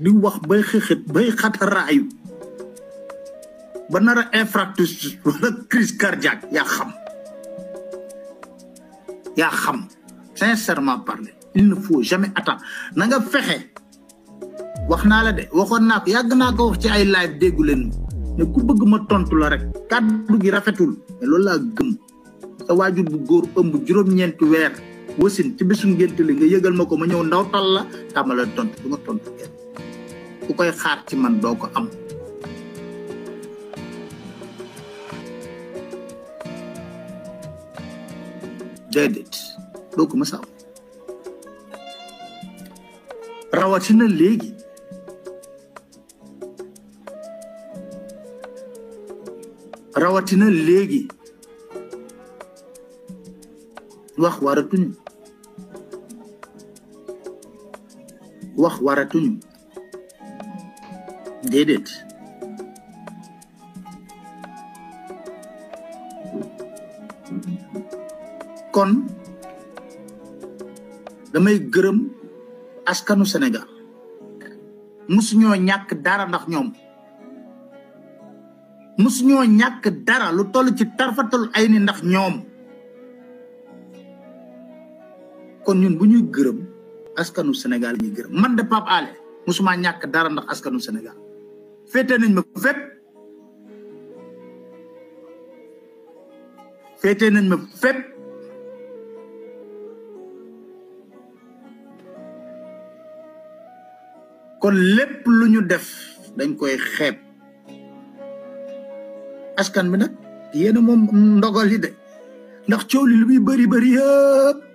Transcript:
di wax bay xexet bay xataraayu ba nara infractus wala crise cardiaque ya xam ya xam sincèrement parler il ne faut jamais attendre na nga fexé wax na la de waxon na ko yag na ko wax ci ay live déggu len ne ku bëgg ma tontu la rek kaddu gi rafetul mais loolu gëm sa wajur bu goor ëmb juroom ñent wër wosin ci bisu ngénte li nga yëgal ma ñew ndaw tal la tàmbale tontu du ma tontu ku koy xaar ci man doo ko am déedéet doo ko mës a rawatina léegi rawatina léegi wax waratuñu wax waratuñu déedéet kon damay gërëm askanu Sénégal musuñoo ñàkk dara ndax ñoom musuñoo ñàkk dara lu toll ci tarfatal ay ni ndax ñoom kon ñun bu ñuy gërëm askanu Sénégal ñuy gërëm man de Pape Alé musumaa ñàkk dara ndax askanu Sénégal féete nañ ma fépp féete nañ ma fépp kon lépp lu ñu def dañ koy xeeb askan bi nag yéena moom ndogal yi de ndax coow li lu muy bëri